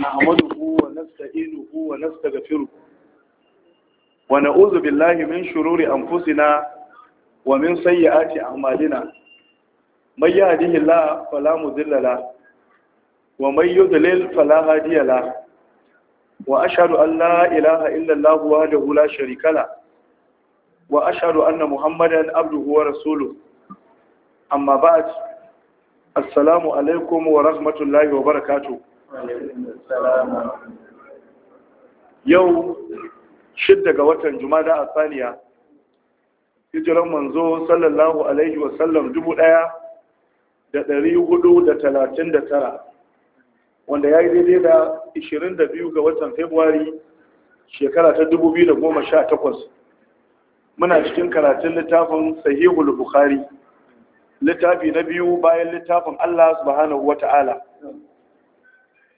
nahmaduhu wa nasta'inuhu wa nastaghfiruh wa na'udhu billahi min shururi anfusina wa min sayyiati a'malina may yahdihillahu fala mudilla la wa may yudlil fala hadiya la wa ashhadu an la illa allah wahdahu la sharika la wa ashhadu anna muhammadan abduhu wa rasuluh amma ba'd السلام عليكم ورحمة الله وبركاته yau shidda ga watan jumada a saniya hijiran manzo sallallahu alaihi wasallam dubu daya da dari hudu da talatin da tara wanda ya yi daidai da ishirin da biyu ga watan februari shekara ta dubu biyu da goma sha takwas muna cikin karatun littafin sahihul bukhari littafi na biyu bayan littafin allah subhanahu wa ta'ala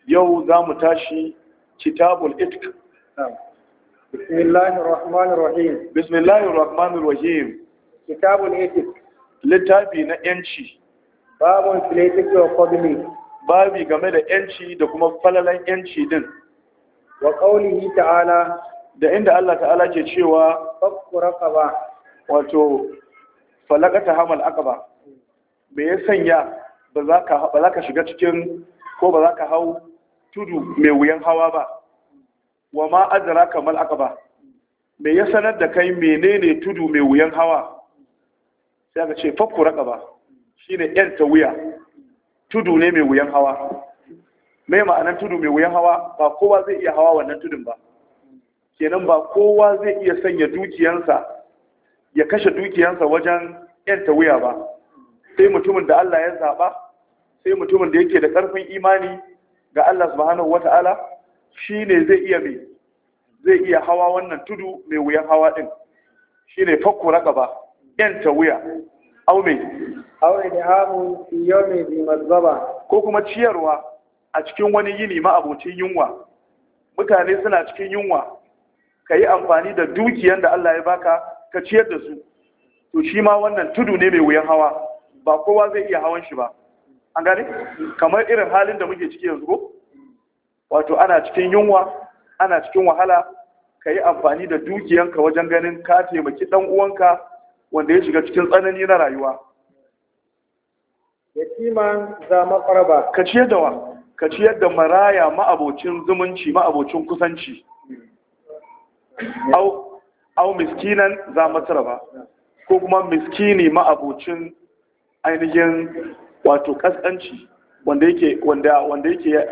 yau za mu tashi kitabul itq Bismillahi rahmanir rahim bismillahir rahmanir rahim kitabul itq littafi na yanci babun filaitiki wa fadli babi game da yanci da kuma falalan yanci din wa qawlihi ta'ala da inda Allah ta'ala ke cewa fakku raqaba wato falakata hamal aqaba me ya sanya ba za ka shiga cikin ko ba za ka hau tudu mai wuyan hawa ba wa ma azara kamar aka ba me ya sanar da kai menene tudu mai wuyan hawa sai aka ce fakku raka ba ne yan ta wuya tudu ne mai wuyan hawa mai ma'anar tudu mai wuyan hawa ba kowa zai iya hawa wannan tudun ba kenan ba kowa zai iya sanya dukiyansa ya kashe dukiyansa wajen yan ta wuya ba sai mutumin da Allah ya zaba sai mutumin da yake da karfin imani ga Allah subhanahu wata'ala shine zai iya mai zai iya hawa wannan tudu mai wuyan hawa din shine fakku raqaba ta wuya au mai au hamu fi yawmi bi mazaba ko kuma ciyarwa a cikin wani yini ma abocin yunwa mutane suna cikin yunwa Ka yi amfani da dukiyan da Allah ya baka ka ciyar da su to shi ma wannan tudu ne mai wuyan hawa ba kowa zai iya hawan shi ba an gane kamar irin halin da muke ciki yanzu ko wato ana cikin yunwa ana cikin wahala ka yi amfani da dukiyanka wajen ganin ka taimaki dan uwanka wanda ya shiga cikin tsanani na rayuwa yatiman za maqraba ka ciyar da wa ka ciyar da maraya ma'abocin zumunci ma'abocin kusanci au au miskinan za matraba ko kuma miskini ma'abocin ainihin wato kaskanci wanda yake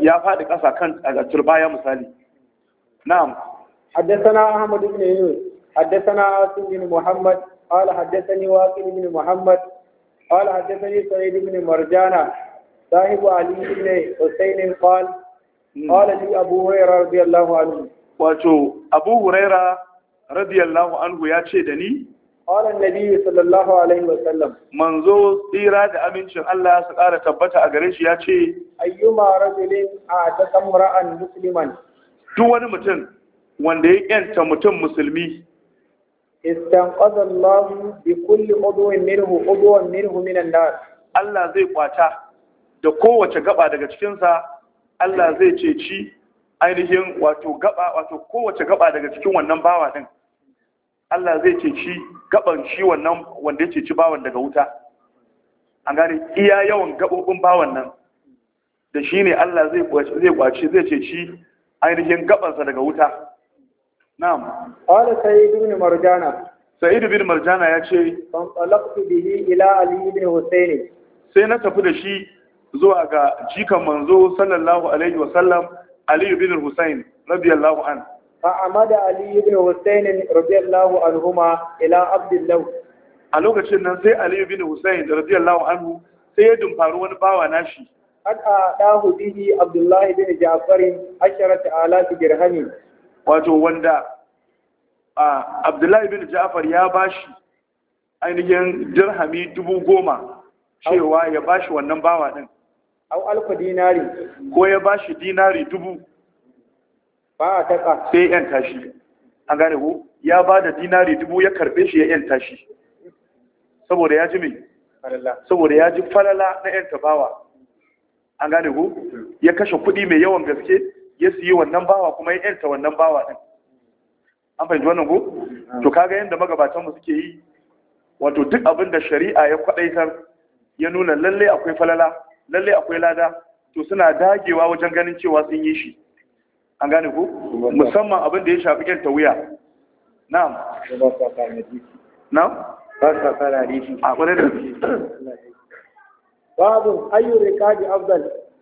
ya faɗi ƙasa kan a turbaya misali na'am haddasana ahmad ibn yunus haddasana asim ibn muhammad qala haddathani waqil ni muhammad qala haddathani sa'id ibn marjana صاحب علي ne sosai قال kwal. لي ابو هريره رضي الله anhu. Wato ابو هريره رضي anhu ya ce da ni? قال النبي صلى الله عليه وسلم tsira da amincin Allah su ƙara tabbata a gare shi ya ce ayyuma rajulin a ta samra'an Musulman. duk wani mutum wanda ya yanta mutum musulmi istanqadha Allah bi kulli udwin mirhu udwan minhu min an Allah zai ƙwata da kowace gaba daga cikinsa, Allah zai ce ci ainihin wato gaba wato kowace gaba daga cikin wannan bawa din Allah zai ce shi gaban shi wannan wanda ya ceci bawan daga wuta an gane iya yawan gabobin bawan nan da shi ne Allah zai kwace zai ceci ainihin gaɓansa daga wuta na'am qala sayyid ibn marjana sayyid ibn marjana ya ce Ban talaqtu bihi ila ali ibn husayn sai na tafi da shi zuwa ga jikan manzo sallallahu alaihi wasallam ali ibn husayn radiyallahu anhu فعمد علي بن حسين رضي الله عنهما إلى عبد الله a lokacin nan sai Aliyu bin Hussein radiyallahu anhu sai ya dumfaru wani bawa nashi qad adahu bihi Abdullahi bin Ja'far 10000 dirhami wato wanda Abdullahi bin Ja'far ya bashi ainihin dirhami dubu goma cewa ya bashi wannan bawa din au alfa dinari ko ya bashi dinari dubu ba a taƙa sai ya yanta shi an gane ku ya ba da dinari dubu ya karɓe shi ya yanta shi saboda ya ji mai saboda ya ji falala na yanta bawa an gane ku ya kashe kuɗi mai yawan gaske ya siyi wannan bawa kuma ya yanta wannan bawa ɗin an fahimci wannan ku to kaga yadda magabatanmu suke yi wato duk abin da shari'a ya kwaɗaitar ya nuna lallai akwai falala lallai akwai lada to suna dagewa wajen ganin cewa sun yi shi an gane ku musamman abin da ya shafi ta wuya na'am na'am a kwarai da babu ayyur riqabi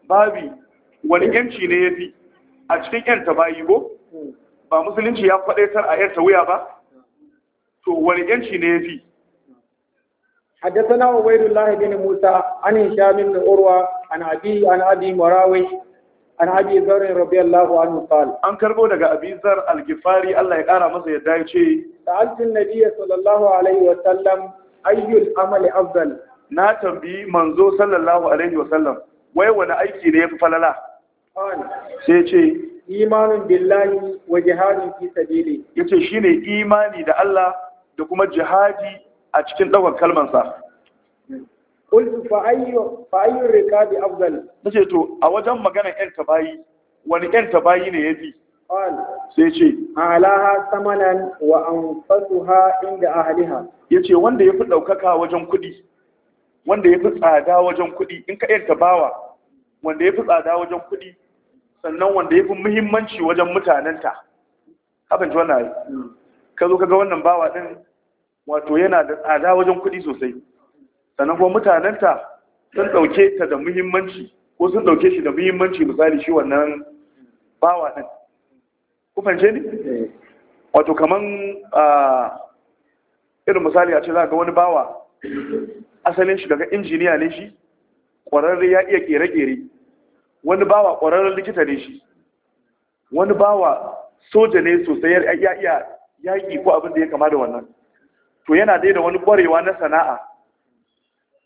babi wani yanci ne fi. a cikin yanta bayi ko ba musulunci ya kwadaitar a yanta wuya ba to wani yanci ne fi حدثنا عبيد الله بن موسى عن هشام بن عروه عن ابي عن ابي مراوي an abi zarin radiyallahu anhu qal an karbo daga abizar zar al-gifari Allah ya kara masa yadda ya ce ta'altu nabiyyi sallallahu alaihi wa sallam ayyul amali afdal na tambayi manzo sallallahu alaihi wa sallam wai wani aiki ne yafi falala sai ce imanun billahi wa jihadun fi sabili yace shine imani da Allah da kuma jihadi a cikin daukar kalmansa qultu fa ayyu fa ayyu rikabi Na ce to a wajen magana yan tabayi wani yan tabayi ne ya fi. qal sai ce alaha samanan wa an anfasuha inda Ya ce wanda ya fi daukaka wajen kudi wanda ya fi tsada wajen kudi in ka yan tabawa wanda ya fi tsada wajen kudi sannan wanda ya fi muhimmanci wajen mutanenta abin ji wannan ka zo kaga wannan bawa din wato yana da tsada wajen kudi sosai sannan kuma mutanenta sun ɗauke ta da muhimmanci ko sun ɗauke shi da muhimmanci misali shi wannan bawa ɗin ku fahimce ni wato kaman irin misali a ce za ga wani bawa asalin shi daga injiniya ne shi ƙwararre ya iya ƙere-ƙere wani bawa ƙwararren likita ne shi wani bawa soja ne sosai ya iya yaƙi ko abin da ya kama da wannan to yana dai da wani ƙwarewa na sana'a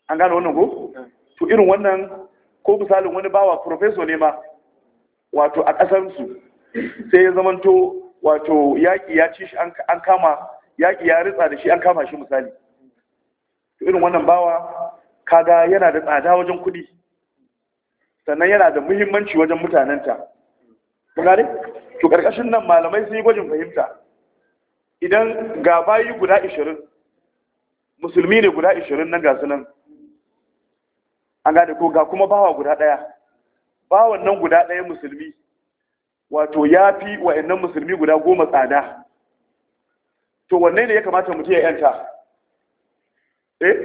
an gane wannan ko eh. to irin wannan ko misalin wani bawa professor ne ma wato a su, sai ya zamanto wato yaƙi ya ci shi an kama yaƙi ya ritsa da shi an kama shi misali to irin wannan bawa kaga yana da tsada wajen kuɗi sannan yana da muhimmanci wajen mutanenta gane to ƙarƙashin nan malamai sun yi gwajin fahimta idan ga bayi guda 20 musulmi ne guda 20 nan ga su nan an gane ko ga kuma bawa guda ɗaya bawan nan guda ɗaya musulmi wato ya fi wa'annan musulmi guda goma tsada to wanne ne ya kamata mutum ya yanta eh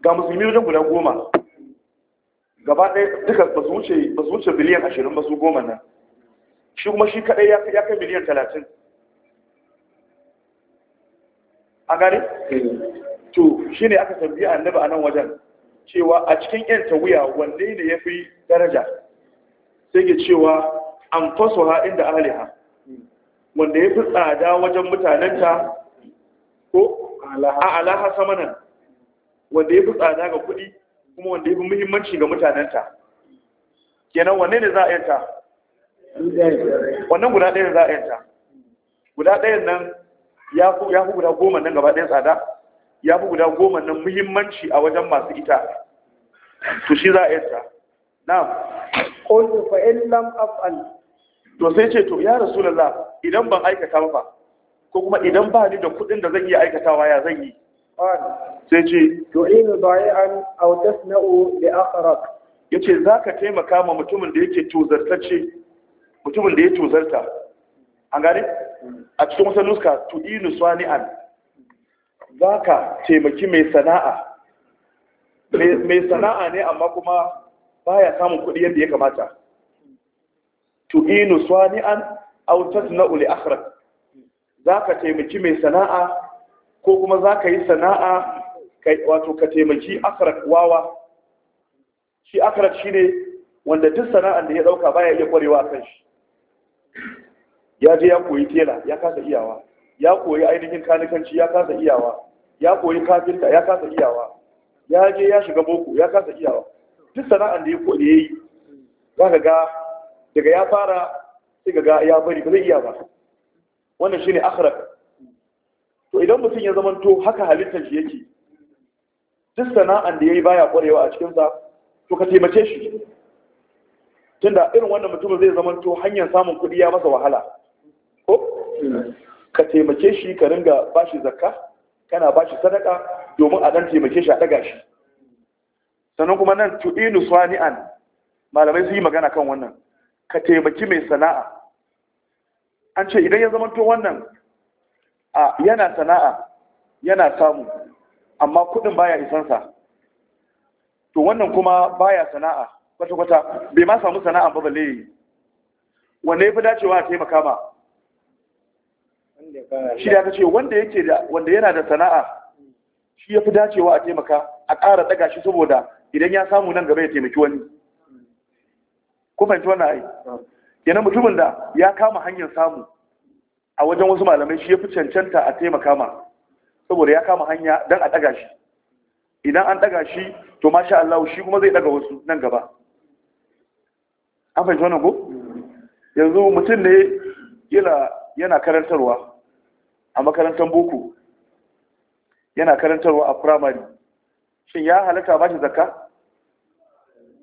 ga musulmi wajen guda goma gaba ɗaya duka ba su wuce biliyan ashirin ba su goma nan shi kuma shi kaɗai ya kai miliyan talatin a gane? to shi ne aka tambayi annabi a nan wajen cewa a cikin yan tawiya wanne ne ya fi daraja sai ke cewa an faso ha inda ahaliha wanda ya fi tsada wajen mutanenta ko a alaha samanan wanda ya fi tsada ga kuɗi kuma wanda ya fi muhimmanci ga mutanenta kenan wanne ne za a yanta wannan guda ɗaya za a yanta guda ɗayan nan ya fi guda goma nan gaba ɗaya tsada ya fi guda goma nan muhimmanci a wajen masu ita to shi za a yanta na'am qul fa in lam af'al to sai ce to ya rasulullah idan ban aikata ba ko kuma idan ba ni da kuɗin da zan iya aikatawa ya zan yi sai ce to in bai'an aw tasna'u li akharak yace zaka taimaka ma mutumin da yake tozartacce mutumin da ya tozarta an gane a cikin wasan nuska to inu an. za ka taimaki mai sana'a mai sana'a ne amma kuma ba ya samun kuɗi yadda ya kamata tu'inu swani'an na uli li Za ka taimaki mai sana'a ko kuma za ka yi sana'a wato ka taimaki akhrak wawa shi shi ne wanda duk sana'an da ya dauka baya iya kwarewa kan shi ya je ya koyi tela ya kasa iyawa ya koyi ainihin kanikanci ya kasa iyawa ya koyi kafinta ya kasa iyawa ya je ya shiga boko ya kasa iyawa duk sana'an da ya koyi ya yi za ka ga daga ya fara sai ga ya bari ba zai iya ba wannan shine akhraq to idan mutum ya zamanto haka halittar shi yake duk sana'an da ya yi baya kwarewa a cikinsa to ka taimake shi tunda irin wannan mutumin zai zamanto hanyar samun kuɗi ya masa wahala ko ka taimake shi ka ringa bashi zakka kana bashi sadaka domin a dan taimake shi a ɗaga shi sannan kuma nan tu'inu swani'an malamai su yi magana kan wannan ka taimaki mai sana'a an ce idan ya zama to wannan a yana sana'a yana samu amma kudin baya isansa to wannan kuma baya sana'a kwata-kwata bai ma samu sana'a ba balle wanne ya fi dacewa a taimaka ma shi da ce wanda yake da wanda yana da sana'a shi ya fi dacewa a taimaka a ƙara ɗaga shi saboda idan ya samu nan gaba ya taimaki wani ku fahimci wannan ai yana mutumin da ya kama hanyar samu a wajen wasu malamai shi ya fi cancanta a taimaka ma saboda ya kama hanya don a ɗaga shi idan an ɗaga shi to masha Allah shi kuma zai ɗaga wasu nan gaba an fahimci wannan ko yanzu mutum ne yana karantarwa a makarantar boko yana karantarwa a firamare shin ya halatta ba shi zakka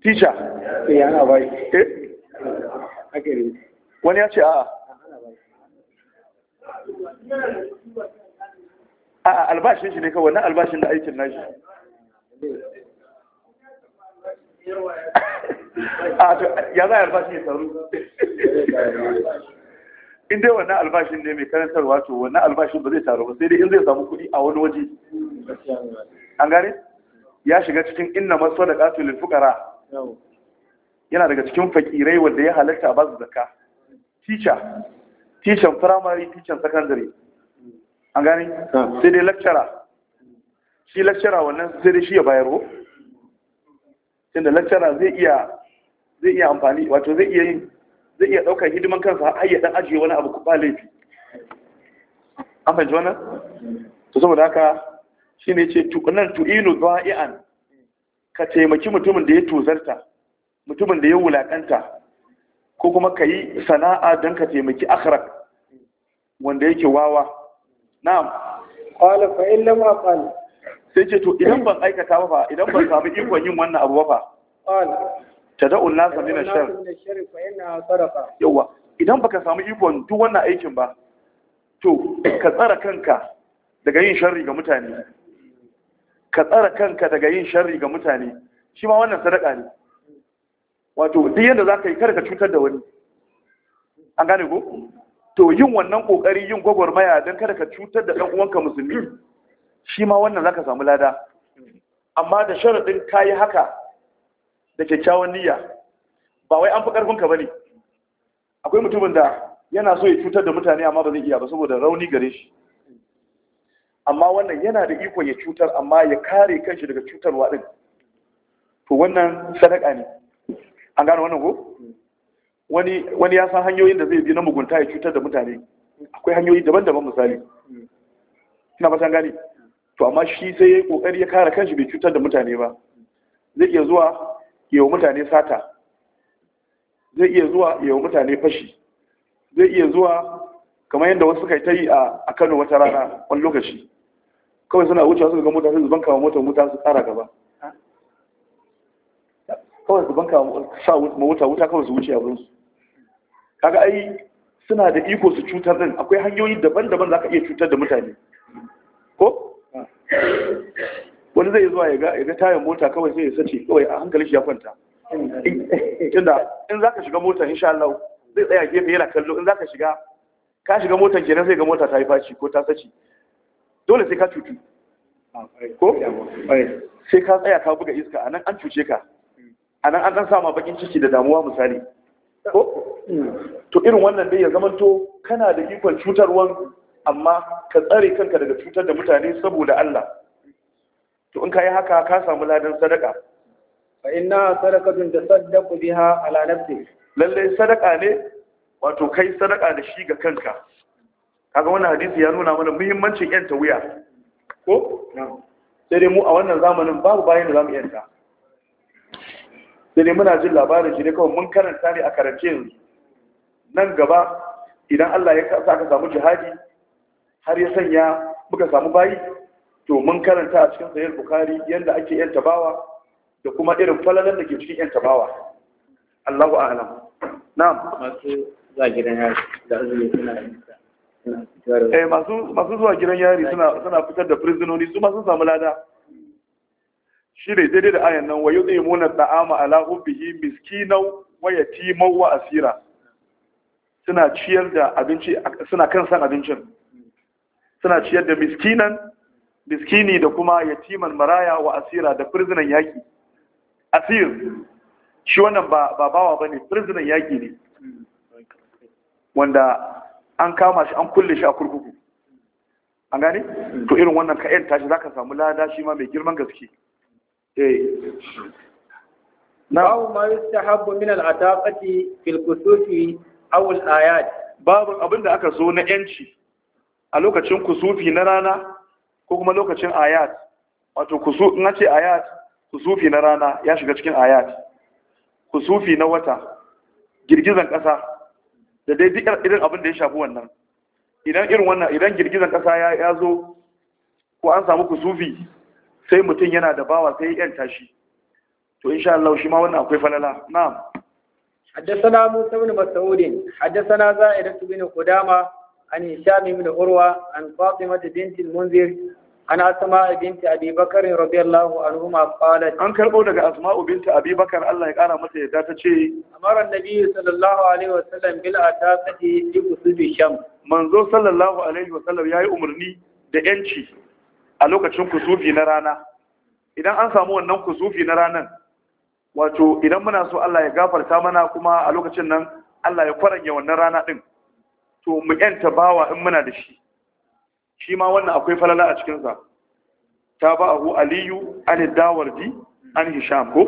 tisha yana ba wani ya ce a a albashin shi ne kawai na albashin da aikin nashi a ya za a albashin ya taru in dai wannan albashin ne mai karantarwa to wannan albashin ba zai taru ba sai dai in zai samu kuɗi a wani waje an gane ya shiga cikin inna masu da ƙatu lil fuqara yana daga cikin fakirai wanda ya halatta a basu zakka teacher teacher primary teacher secondary an gane sai dai lecturer shi lecturer wannan sai dai shi ya bayarwo tunda lecturer zai iya zai iya amfani wato zai iya yin zai iya ɗaukar hidiman kansa har yadda ajiye wani abu ba laifi an fahimci wannan to saboda haka shine ce tuqnan tu'inu dha'ian ka taimaki mutumin da ya tozarta mutumin da ya wulaƙanta, ko kuma ka yi sana'a don ka taimaki akhirak wanda yake wawa na'am qala fa in lam aqal sai ce to idan ban aikata ba idan ban samu ikon yin wannan abu ba qala tada'un nasa min ashar yawa idan baka samu ikon duk wannan aikin ba to ka tsara kanka daga yin sharri ga mutane ka tsara kanka daga yin sharri ga mutane shi ma wannan sadaka ne wato duk yadda za ka yi kada ka cutar da wani an gane ko to yin wannan kokari yin gwagwarmaya don kada ka cutar da ɗan uwanka musulmi shi ma wannan za ka samu lada amma da sharaɗin ka yi haka da kyakkyawan niyya ba wai an fi ƙarfinka ba ne akwai mutumin da yana so ya cutar da mutane amma ba zai iya ba saboda rauni gare shi amma wannan yana da iko ya cutar amma ya kare kanshi daga cutarwa din to wannan sadaka ne an gane wannan ko wani wani ya san hanyoyin da zai bi na mugunta ya cutar da mutane akwai hanyoyi daban-daban misali ina fatan gane to amma shi sai ya kokari ya kare kanshi bai cutar da mutane ba zai iya zuwa yau mutane sata zai iya zuwa yau mutane fashi zai iya zuwa kamar yadda wasu suka ta yi a kano wata rana wani lokaci kawai suna wuce wasu ga mota sai zuban kama motar wuta su tsara gaba kawai zuban kama mota wuta kawai su wuce abinsu kaga ai suna da iko su cutar din akwai hanyoyi daban-daban za ka iya cutar da mutane ko wani zai zuwa ya ga tayin mota kawai sai ya sace kawai a hankali shi ya kwanta inda in za ka shiga mota insha Allah zai tsaya gefe yana kallo in za ka shiga ka shiga motar kenan sai ga mota ta yi faci ko ta sace dole sai ka cutu ko sai ka tsaya ka buga iska anan an cuce ka anan an dan sama bakin ciki da damuwa misali ko to irin wannan dai ya zamanto kana da ikon cutarwan amma ka tsare kanka daga cutar da mutane saboda Allah to in ka yi haka ka samu ladan sadaka fa inna sadaqatu tasaddaqu biha ala nafsi lalle sadaka ne wato kai sadaka da shi ga kanka kaga wannan hadisi ya nuna mana muhimmancin yanta wuya ko sai dai mu a wannan zamanin babu bayan da zamu yanta sai dai muna jin labarin shi ne kawai mun karanta ne a karance yanzu nan gaba idan Allah ya sa ka samu jihadi har ya sanya muka samu bayi to mun karanta a cikin sahih bukhari yanda ake yan tabawa da kuma irin falalan da ke cikin yan tabawa Allahu a'lam na'am masu zuwa gidan yari da azumi suna eh masu masu zuwa gidan yari suna suna fitar da prisoners su masu sun samu lada shi ne daidai da ayan nan wa yudhimuna ta'ama ala hubbihi miskinau wa yatimau wa asira suna ciyar da abinci suna kan san abincin suna ciyar da miskinan miskini da kuma yatiman maraya wa asira da firzinan yaki asir shi wannan ba bawa bane ne firzinan yaki ne wanda an kama shi an kulle shi a kurkuku an gane to irin wannan ka yanta shi zaka samu lada shi ma mai girman gaske eh ma yustahabbu min al-ataqati fil kusufi aw al-ayat babu abinda aka so na yanci a lokacin kusufi na rana ko kuma lokacin ayat wato kusu na ce ayat kusufi na rana ya shiga cikin ayat kusufi na wata girgizan ƙasa da dai duk irin abin da ya shafi wannan idan irin wannan idan girgizan ƙasa ya zo ko an samu kusufi sai mutum yana da bawa sai yan tashi to insha Allah shi ma wannan akwai falala na'am حدثنا موسى بن مسعود حدثنا زائدة بن قدامة عن هشام بن عروة عن فاطمة بنت المنذر an asma بنت abi بكر رضي الله عنهما an karbo daga asma'u binti بنت bakar Allah ya kara mata yadda ta ce amara annabi sallallahu alaihi wasallam bil ataqati li usubi sham manzo sallallahu alaihi wasallam yayi umarni da yanci a lokacin kusufi na rana idan an samu wannan kusufi na ranan wato idan muna so Allah ya gafarta mana kuma a lokacin nan Allah ya kwarage wannan rana din to mu yanta bawa in muna da shi shi ma wannan akwai falala a cikinsa ta ba abu aliyu an dawardi an hisham ko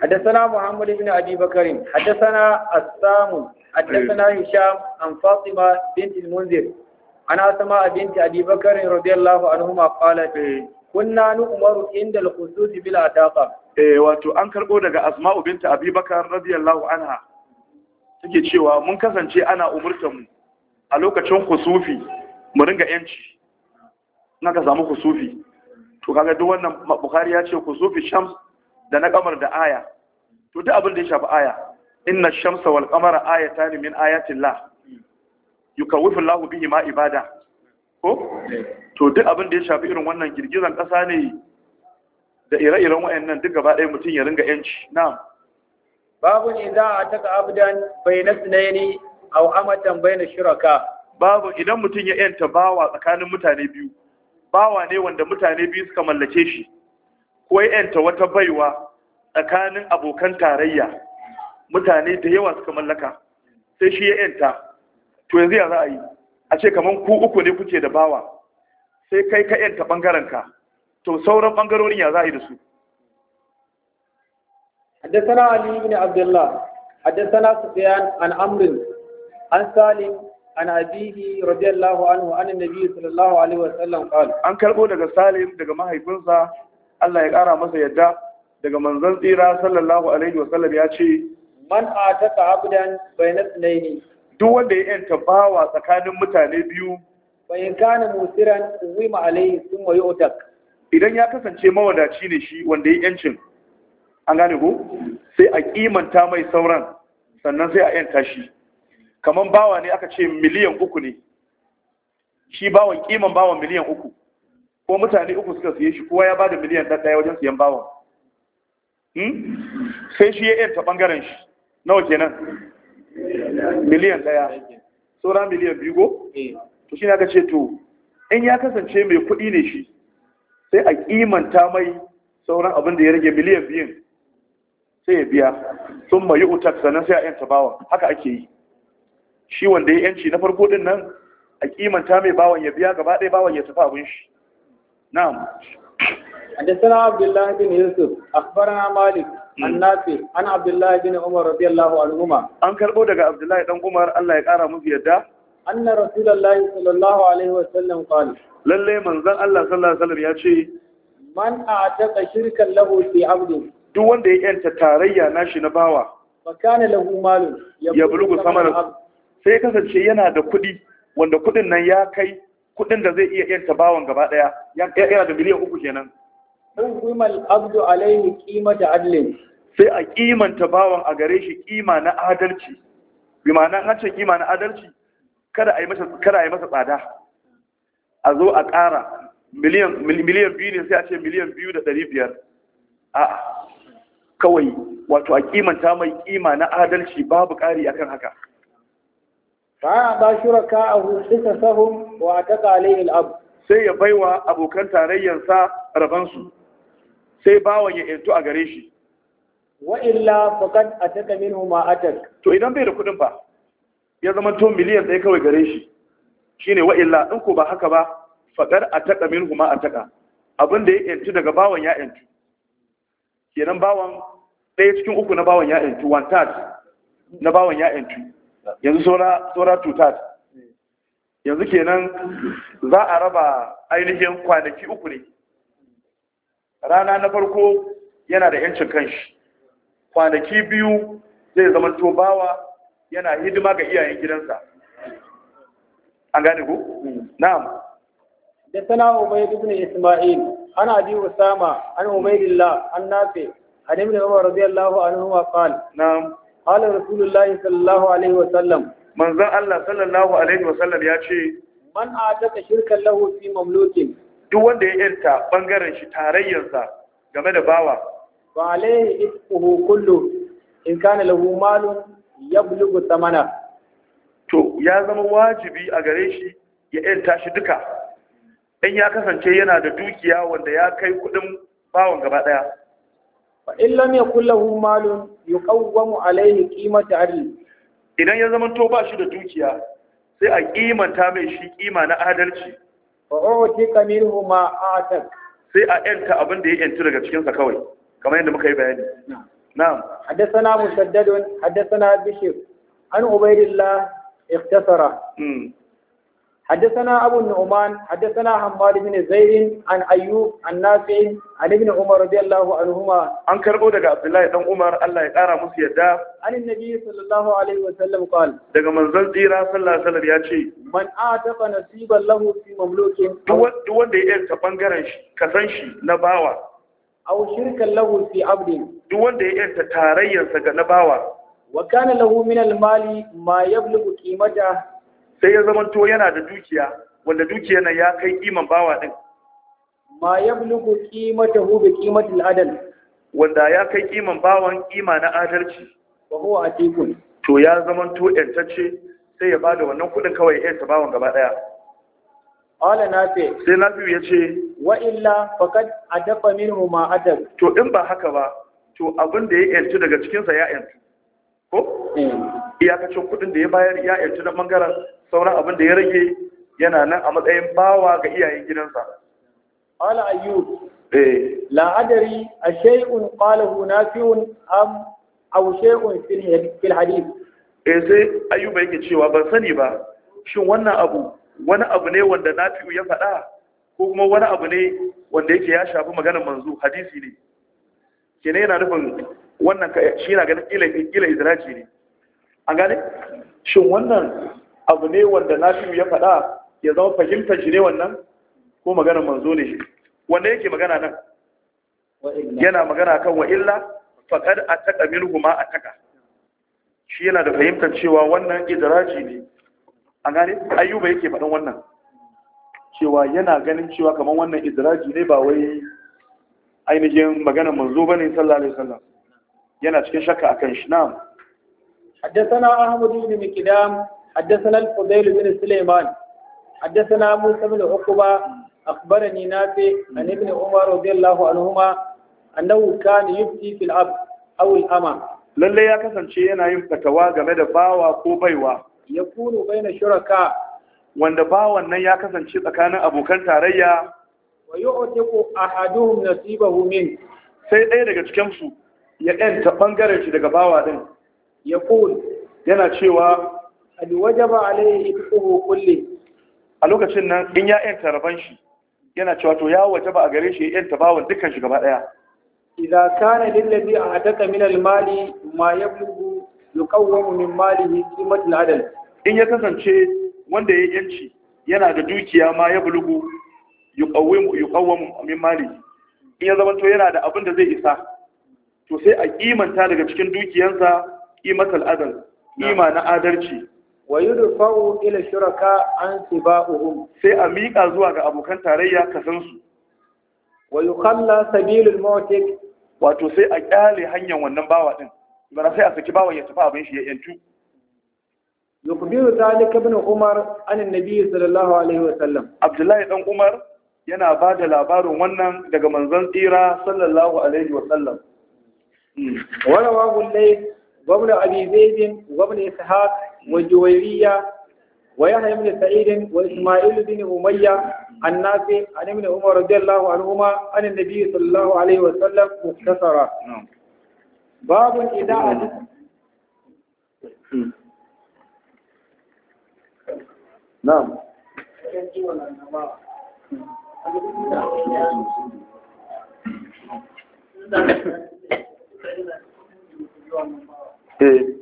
haddasana muhammad ibn abi bakarin haddasana as-samun haddasana eh. hisham an fatima bint al-munzir ana sama bint abi bakarin radiyallahu anhuma qalat eh. kunna nu'maru inda al-khusus bil ataqa eh wato an karbo daga asma'u bint abi bakar radiyallahu anha take cewa mun kasance ana umurtan mu a lokacin kusufi. mu ringa yanci na ka samu kusufi to kaga duk wannan bukhari ya ce kusufi shams da na kamar da aya to duk abin da ya shafi aya inna shamsa wal qamara ayatan min ayatillah yukawifu Allahu bihi ma ibada ko to duk abin da ya shafi irin wannan girgizan kasa ne da ire-iren wayannan duk gaba ɗaya mutum ya ringa yanci na'am babu ne za a taka abdan bayna sunayni aw amatan bayna shuraka babu idan mutum ya yanta bawa tsakanin mutane biyu bawa ne wanda mutane biyu suka mallake shi ko ya yanta wata baiwa tsakanin abokan tarayya mutane da yawa suka mallaka sai shi ya yanta to yanzu ya za a yi a ce kamar ku uku ne kuke da bawa sai kai ka yanta ɓangarenka to sauran ɓangarorin ya za a yi da su حدثنا علي بن عبد الله حدثنا سفيان عن عمرو عن سالم an abihi radiyallahu anhu an nabi sallallahu alaihi wasallam qala an karbo daga salim daga mahaifinsa Allah ya kara masa yadda daga manzon tsira sallallahu alaihi wasallam ya ce man ataka abdan bayna tsnaini duk wanda ya yanta bawa tsakanin mutane biyu bayan kana musiran wima alaihi thumma yu'tak idan ya kasance mawadaci ne shi wanda ya yancin an gane ko sai a kimanta mai sauran sannan sai a yanta shi kaman bawa ne aka ce miliyan uku ne shi bawan kiman bawan miliyan uku ko mutane uku suka siye shi kowa ya bada miliyan ɗaya wajen siyan bawan hmm? sai shi ya yanta ɓangaren shi nawa kenan miliyan ɗaya saura miliyan biyu ko eh. to shi ne aka ce to in ya kasance mai kuɗi ne shi sai a kimanta mai sauran abin da ya rage miliyan biyun sai ya biya sun mai yi utar sannan sai a yanta bawan haka ake yi shi wanda ya yanci na farko din nan a kimanta mai bawan ya biya gaba ɗaya bawan ya tafi abin shi na'am حدثنا عبد الله بن يوسف اخبرنا مالك na Malik, عن عبد الله بن عمر رضي الله عنهما an karɓo daga Abdullahi ɗan Umar Allah ya ƙara musu yadda anna rasulullahi sallallahu alaihi wa sallam qala lalle manzan Allah sallallahu alaihi wa ya ce man a'taqa shirkan lahu fi abdi duk wanda ya yanta tarayya nashi na bawa fa kana lahu malun yablugu samanan sai ya kasance yana da kuɗi wanda kuɗin nan ya kai kuɗin da zai iya yanta bawan gaba ɗaya yana da miliyan uku kenan umal abdu alaihi da adalin. sai a kimanta bawan a gare shi kima na adalci bi ma'ana hancin kima na adalci kada a yi masa kada a yi masa tsada a zo a ƙara miliyan miliyan biyu ne sai a ce miliyan biyu da ɗari biyar a'a kawai wato a kimanta mai kima na adalci babu ƙari akan haka فأعطى شركاءه حصصهم وأعتقى عليه الأب sai ya baiwa abokan tarayyarsa rabansu sai bawan ya yantu a gare shi wa illa faqad ataka minhu ma atak to idan bai da kuɗin ba ya zama to miliyan ɗaya kawai gare shi shine wa illa in ba haka ba faqad ataka minhu ma ataka abin da ya yantu daga bawan ya yantu kenan bawan ɗaya cikin uku na bawan ya yantu one na bawan ya yantu yanzu sora tutat yanzu kenan za a raba ainihin kwanaki uku ne rana na farko yana da yancin kanshi kwanaki biyu zai zama bawa yana hidima ga iyayen gidansa an gane ku? na'am da sana ibn isma'il ana abi sama, an umayyadillah an nafi an da umar radiyallahu anhu wa qala na'am qala rasulullahi sallallahu alaihi wa sallam manzon Allah sallallahu alaihi wa sallam ya ce man ataka shirkan lahu fi mamlukin duk wanda ya 'yanta bangaren shi tarayyarsa game da bawa fa alaihi itquhu kullu in kana lahu malun yablugu thamana to ya zama wajibi a gare shi ya 'yanta shi duka in ya kasance yana da dukiya wanda ya kai kudin bawon gaba daya fa in lam yakul lahu malun yuqawwamu alayhi qimata adl idan ya zama to ba shi da dukiya sai a kimanta mai shi ƙima na adalci fa utika minhu ma atak sai a yanta abin da ya yanta daga cikinsa kawai kamar yadda muka yi bayani na'am haddathana musaddad na bishir, an la ikhtasara hmm. حدثنا أبو النعمان حدثنا حماد بن زيد عن أيوب عن نافع عن ابن عمر رضي الله عنهما عن كربو دقى عبد الله بن عمر الله يقارى مسيدا عن النبي صلى الله عليه وسلم قال دقى من زل ديرا صلى الله عليه وسلم ياتي من آتق نصيبا له في مملوكه دوان دي إيه تبنغرنش كسنشي نباوا أو شركا له في عبد دوان دي إيه تتاريا سكا نباوا وكان له من المال ما يبلغ قيمته sai ya zamanto yana da dukiya wanda dukiyar nan ya kai kiman bawa din ma ya kimata hu bi kimati al adal. wanda ya kai kiman bawan kima na adalci wa huwa atikun to ya zamanto yantacce sai ya bada wannan kudin kawai ya ta bawan gaba daya ala nafi sai nafi ya ce wa illa faqad adafa minhu ma adal to in ba haka ba to abin da ya yantu daga cikin sa ya yantu ko eh. iyakacin kudin da ya bayar ya yantu na bangaren sauran abin da ya rage yana nan a matsayin bawa ga iyayen gidansa qala ayyub eh a adri ashay'un na fiun am aw shay'un fil hadith E, sai ayyuba yake cewa ban sani ba shin wannan abu wani abu ne wanda nafi'u ya faɗa ko kuma wani abu ne wanda yake ya shafi maganar manzo hadisi ne kenan yana nufin wannan shi na ganin kila kila ne an gane shin wannan abu ne wanda nafi'u ya faɗa ya zama fahimtar shi ne wannan ko maganar manzo ne wanda yake magana nan yana magana kan wa illa milhu ma a taƙa shi yana da fahimtar cewa wannan idraji ne A gane ayyuba yake faɗin wannan cewa yana ganin cewa kamar wannan idraji ne ba wai ainihin maganar manzo ne sallallahu alaihi wasallam yana cikin shakka akan shi na'am حدثنا أحمد بن مكدام حدثنا الفضيل بن سليمان حدثنا موسى بن عقبة أخبرني نافع عن ابن عمر رضي الله عنهما أنه كان يفتي في العبد أو الأمة lalle ya kasance yana yin fatawa game da bawa ko baiwa ya baina shuraka wanda bawan nan ya kasance tsakanin abokan tarayya wa yu'tiqu ahaduhum nasibahu min sai ɗaya daga cikin su ya ɗanta bangaren shi daga bawa din ya yana cewa qad wajaba alayhi itquhu kulli a lokacin nan in ya yanta raban shi yana cewa to ya wajaba a gare shi ya yin bawon dukkan shi gaba daya idza kana lil ladhi ahdaka min al mali ma yablughu yuqawwamu min malihi qimat al adl in ya kasance wanda ya yanci yana da dukiya ma ya yuqawwamu yuqawwamu min malihi in ya zama to yana da abin da zai isa to sai a kimanta daga cikin dukiyansa qimat al adl kima na adalci wa yudfa'u ila shuraka an uhun sai a miƙa zuwa ga abokan tarayya kasansu. su wa kalla sabilin motik wato sai a kyale hanyar wannan bawa din bara sai a saki bawan ya tafi abin shi ya yantu ta zalik kabin umar an biyu, sallallahu alaihi wa sallam abdullahi dan umar yana ba da labarin wannan daga manzon tsira sallallahu alaihi wa sallam hmm. Wani lay gwamna gwamnan zaidin gwamna ishaq والجويرية ويحيى بن سعيد وإسماعيل بن أمية عن نافع عن ابن عمر رضي الله عنهما عن النبي صلى الله عليه وسلم مختصرا نعم. باب إذا أتت نعم نعم إيه.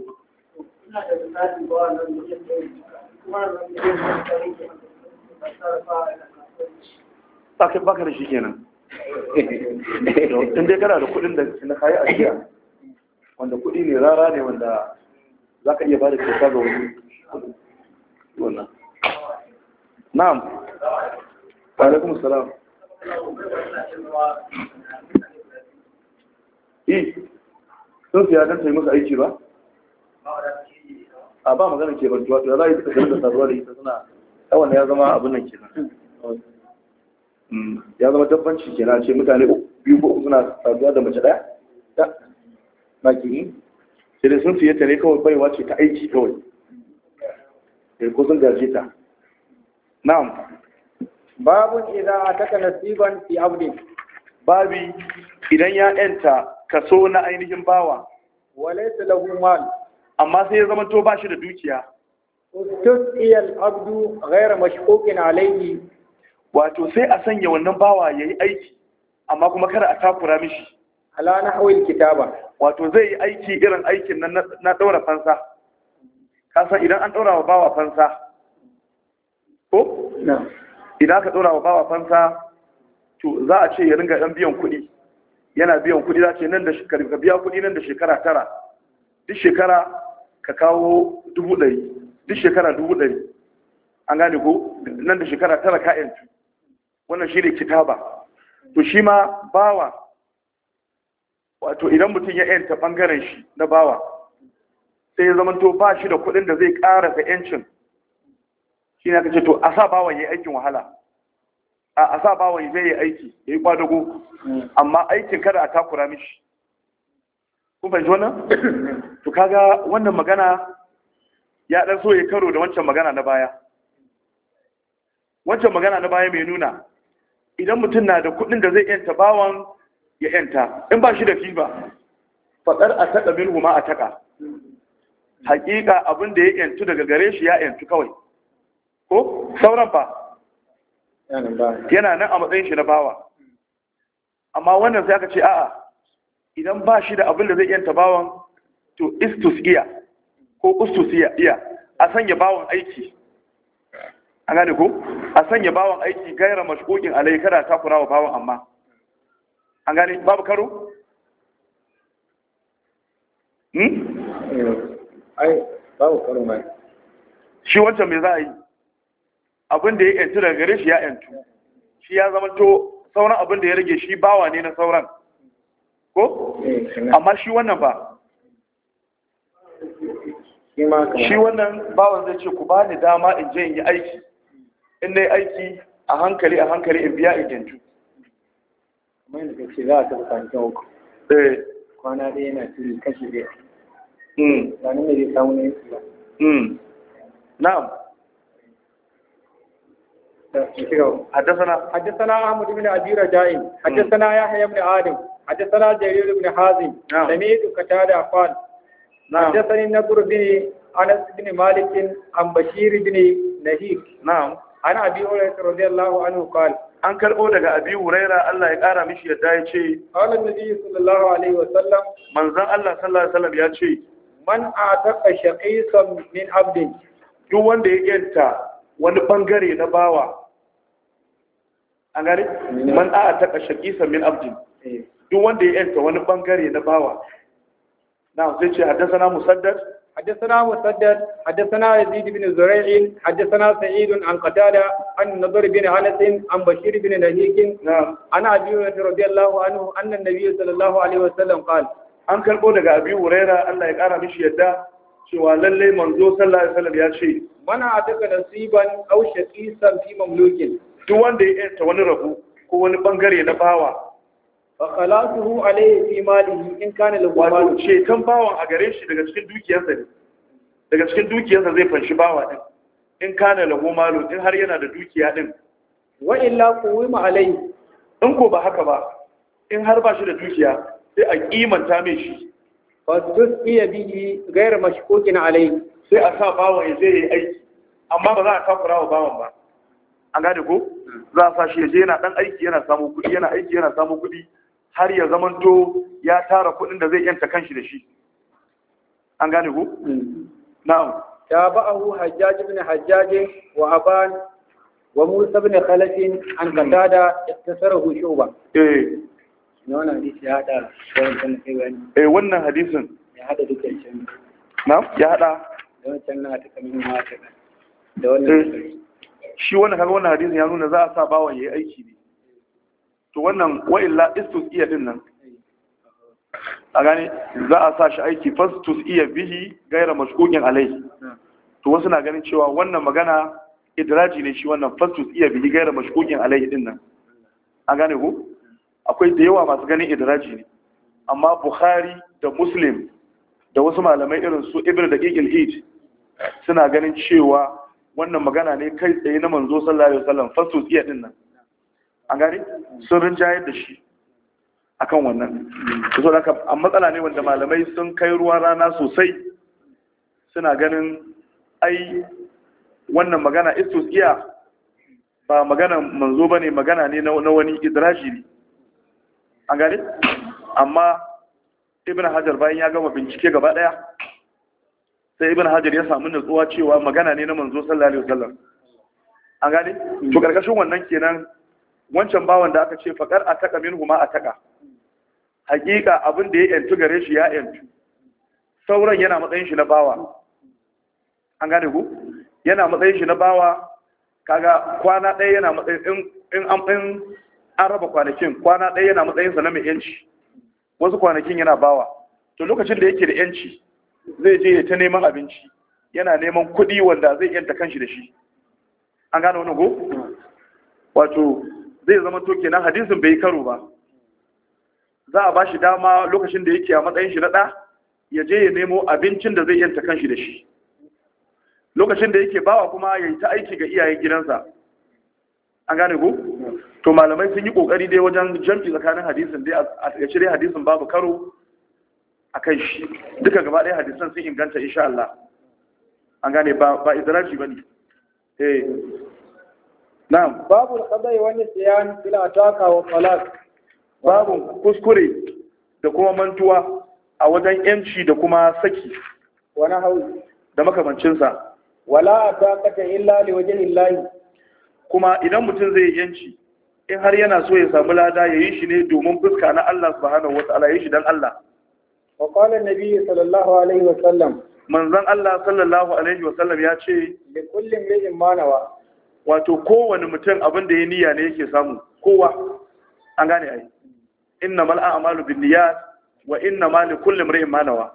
baka da shi kenan inda kana da kudin da na kayi ajiya wanda kudi ne rara ne wanda za ka iya ba da kyauta ga wani wannan na'am alaikum salam eh sun fiye don ta yi musu aiki ba a ba magana ke ban jiwa za a yi suka gani da saduwa da ita suna tsawon ya zama abin nan kenan mm, ya zama dabbanci kenan ce mutane biyu ko suna saduwa da mace ɗaya na kini sai dai sun fiye ta ne kawai baiwa ce ta aiki kawai da eh, ko sun gaje ta na'am babun idan ataka nasiban fi abdin babi idan ya yanta kaso na ainihin bawa walaysa lahu mal amma sai ya zama to ba shi da dukiya tusiyal abdu ghayra mashquqin alayhi wato sai a sanya wannan bawa yayi aiki amma kuma kada a takura mishi ala nahwil kitaba wato zai yi aiki irin aikin nan na daura fansa kasan idan an daura wa bawa fansa ko idan ka daura wa bawa fansa to za a ce ya ringa dan biyan kuɗi yana biyan kuɗi za ce nan da shekara biya kuɗi nan da shekara tara duk shekara ka kawo dubu ɗari duk shekara dubu ɗari an gane ko nan da shekara tara ka yanci wannan shi ne kitaba to shi ma bawa wato idan mutum ya yanta ɓangaren shi na bawa sai ya zamanto ba shi da kuɗin da zai ƙara ka yancin shi ne aka ce to a sa bawan ya yi aikin wahala a sa bawan zai yi aiki ya yi kwadago hmm. amma aikin kada a takura mishi kun fahimci wannan to kaga wannan magana ya dan so ya karo da wancan magana na baya wancan magana na baya mai nuna idan mutum na da kuɗin da zai yanta bawan ya yanta in ba shi da fi ba faɗar a taɗa min huma a taƙa haƙiƙa abin da ya yantu daga gare shi ya yantu kawai ko sauran ba yana nan a matsayin shi na bawa amma wannan sai aka ce a'a idan ba shi da abin da zai yanta bawan to istus iya ko ustus iya iya a sanya bawan aiki a gane ko a sanya bawan aiki gaira mashkokin alai kada takura wa bawan amma an gane babu karo hmm ai babu karo mai shi wancan me za a yi abin da ya yanci daga gare shi ya yantu shi ya zama to sauran abin da ya rage shi bawa ne na sauran ko eh, amma shi wannan ba shi wannan bawan zai ce ku ba ni dama in je in yi aiki in dai aiki a hankali a hankali in biya in gentu kamar yadda kake za a taɓa kwanakin uku eh. kwana ɗaya yana turi kashi ɗaya hmm. ba ni ne zai samu na yanki ba hmm. na'am حدثنا حدثنا احمد بن ابي رجاء حدثنا يحيى بن ادم حدثنا جرير بن حازم سمعت قتادة قال حدثني نضر بن أنس بن مالك عن بشير بن نهيك نعم عن أبي هريرة رضي الله عنه قال an karɓo daga abi huraira Allah ya ƙara mishi ya ce qala nabi sallallahu alaihi wasallam manzon Allah sallallahu alaihi wasallam ya ce man ataqa shaqisan min abdin duk wanda ya yanta wani bangare na bawa an gari man ataqa shaqisan min abdin eh. duk wanda ya yanta wani bangare na bawa na sai ce haddasa musaddad حدثنا مسدد حدثنا يزيد بن زريع حدثنا سعيد عن قتادة عن نضر بن أنس عن بشير بن نهيك نعم عن أبي هريرة رضي الله عنه أن النبي صلى الله عليه وسلم قال an karɓo daga abi wuraira Allah ya ƙara mishi yadda cewa lallai manzo sallallahu alaihi wasallam ya ce mana a daga nasiban aw shaqisan fi mamlukin duk wanda ya yanta wani rabu ko wani bangare na bawa فخلاصه عليه في ماله إن كان له مال شيء كان باوا a gare shi daga cikin dukiyarsa ne daga cikin dukiyarsa zai fanshi bawa din in kana lahu malu in har yana da dukiya din wa illa quwima alai in ko ba haka ba in har ba shi da dukiya sai a kimanta mai shi fa tusqiya bihi ghayr mashkukin alai sai a sa bawa ya je yayi aiki amma ba za a takura wa bawan ba an gane ko hmm. za a sa shi ya je yana dan aiki yana samu kuɗi yana aiki yana samu kuɗi har ya zamanto ya tara kuɗin da zai yanta kanshi da shi an gane ku na'am ya ba'ahu hajjaj ibn hajjaj wa aban wa musa ibn khalaf an qatada iktasarahu shuba eh wannan hadisi ya hada wannan kai wani eh wannan hadisin ya hada dukkan can na'am ya hada da wannan na ta kamin ma da wannan eh. shi wannan kaga wannan hadisin ya nuna za a sa bawon yayi aiki ne to wannan wa'illa istus iya din nan a gane za a sa shi aiki fastus iya bihi gaira mashkokin alai to wasu na ganin cewa wannan magana idraji ne shi wannan fastus iya bihi gaira mashkokin alai din nan a gane ku akwai da yawa masu ganin idraji ne amma bukhari da muslim da wasu malamai irin su ibn da kikil Hit suna ganin cewa wannan magana ne kai tsaye na manzo sallallahu alaihi wasallam fastus iya din nan an gari sun rinjayar da shi akan wannan so da a matsala ne wanda malamai sun kai ruwa rana sosai suna ganin ai wannan magana istus iya ba magana manzo ba ne magana ne na wani idraji ne an gari amma ibn hajar bayan ya gama bincike gaba daya sai ibn hajar ya samu nutsuwa cewa magana ne na manzo sallallahu alaihi wasallam an gane to karkashin wannan kenan wancan bawan da aka ce faƙar a taƙa min huma a taƙa hakika abin da ya yantu gare shi ya yantu sauran yana matsayin shi na bawa an gane ku yana matsayin shi na bawa kaga kwana ɗaya yana matsayin in an an raba kwanakin kwana ɗaya yana matsayin sa na mai yanci wasu kwanakin yana bawa to lokacin da yake da yanci zai je ta neman abinci yana neman kuɗi wanda zai yanta kanshi da shi an gane wani go wato zai zama to kenan hadisin bai karo ba za a bashi dama lokacin da yake a matsayin shi na ɗa ya je ya nemo abincin da zai yanta kanshi da shi lokacin da yake bawa kuma ya yi ta aiki ga iyayen gidansa an gane ku to malamai sun yi kokari dai wajen jamfi tsakanin hadisin dai a takaice dai hadisin babu karo a kai shi duka gaba ɗaya hadisan sun inganta insha Allah an gane ba ba ne eh na'am babu al-qada'i wa nisyan fil ataka wa talaq babu kuskure da kuma mantuwa a wajen yanci da kuma saki wani hauzi da makamancinsa wala ataqata illa li wajhillahi kuma idan mutum zai yanci in har yana so ya samu lada ya yi shi ne domin fuska na Allah subhanahu wataala ya shi dan Allah wa qala an-nabi sallallahu alaihi wa sallam manzon Allah sallallahu alaihi wa sallam ya ce li kulli imrin ma nawa wato kowane mutum abin da ya niyya ne yake samu kowa an gane ai inna mal a'malu bin niyyat wa inna ma li kulli imrin ma nawa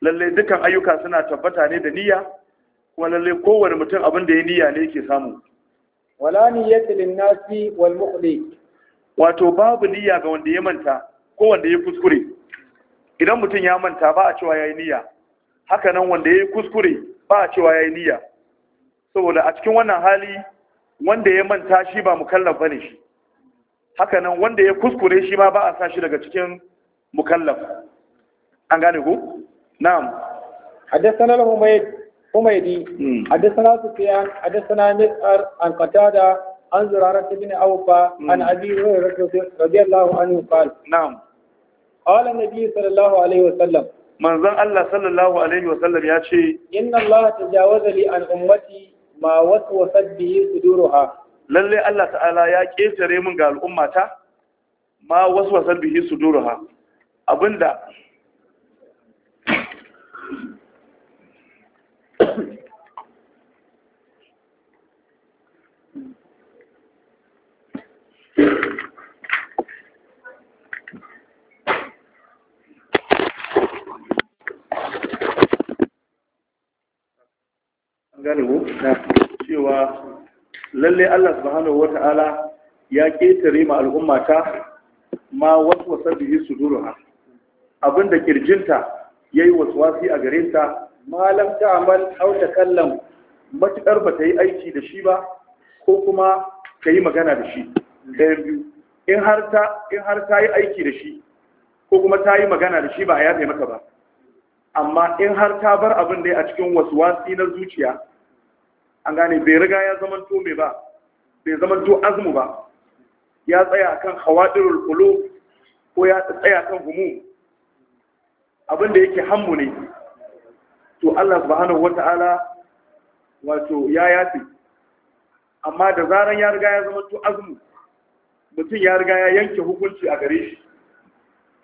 lalle dukan ayyuka suna tabbata ne da niyya Wa lalle kowane mutum abin da ya niyya ne yake samu wala niyyatu lin nasi wal mukhli wato babu niyya ga wanda ya manta ko wanda ya kuskure idan mutum ya manta ba a cewa yayi niyya haka nan wanda ya yi kuskure ba a cewa yayi niyya saboda a cikin wannan hali wanda ya manta shi ba mukallaf bane shi hakanan wanda ya kuskure shi ma ba a sa shi daga cikin mukallaf an gane ku na'am haddathana al-humayd humaydi hmm. haddathana sufyan haddathana nisar an qatada an zurara ibn awfa hmm. an abi radiyallahu anhu qala na'am qala an-nabi sallallahu alaihi wasallam manzon Allah sallallahu alaihi wasallam ya ce inna Allah tajawaza li an ummati ma wasu su duro ha lalle Allah ta'ala ya ƙetare min ga al'ummata ma wasu su bihi abin abinda gane cewa lalle Allah subhanahu wata'ala ya ƙetare ma al'umma ta ma yi su suduruha abinda kirjinta wasu wasi a gare ta malam ta'amal aw takallam matakar ba ta yi aiki da shi ba ko kuma ta yi magana da shi ɗayan biyu in har ta yi aiki da shi ko kuma ta yi magana da shi ba a yafe mata ba amma in har ta bar abin da ya a cikin wasu wasi na zuciya an gane bai riga ya zamanto mai ba bai zamanto azumi ba ya tsaya kan hawadirul qulub ko ya tsaya kan humu abin da yake hammu ne to Allah subhanahu wata'ala wato ya yafi amma da zaran ya riga ya zamanto azumi, mutum ya riga ya yanke hukunci a gare shi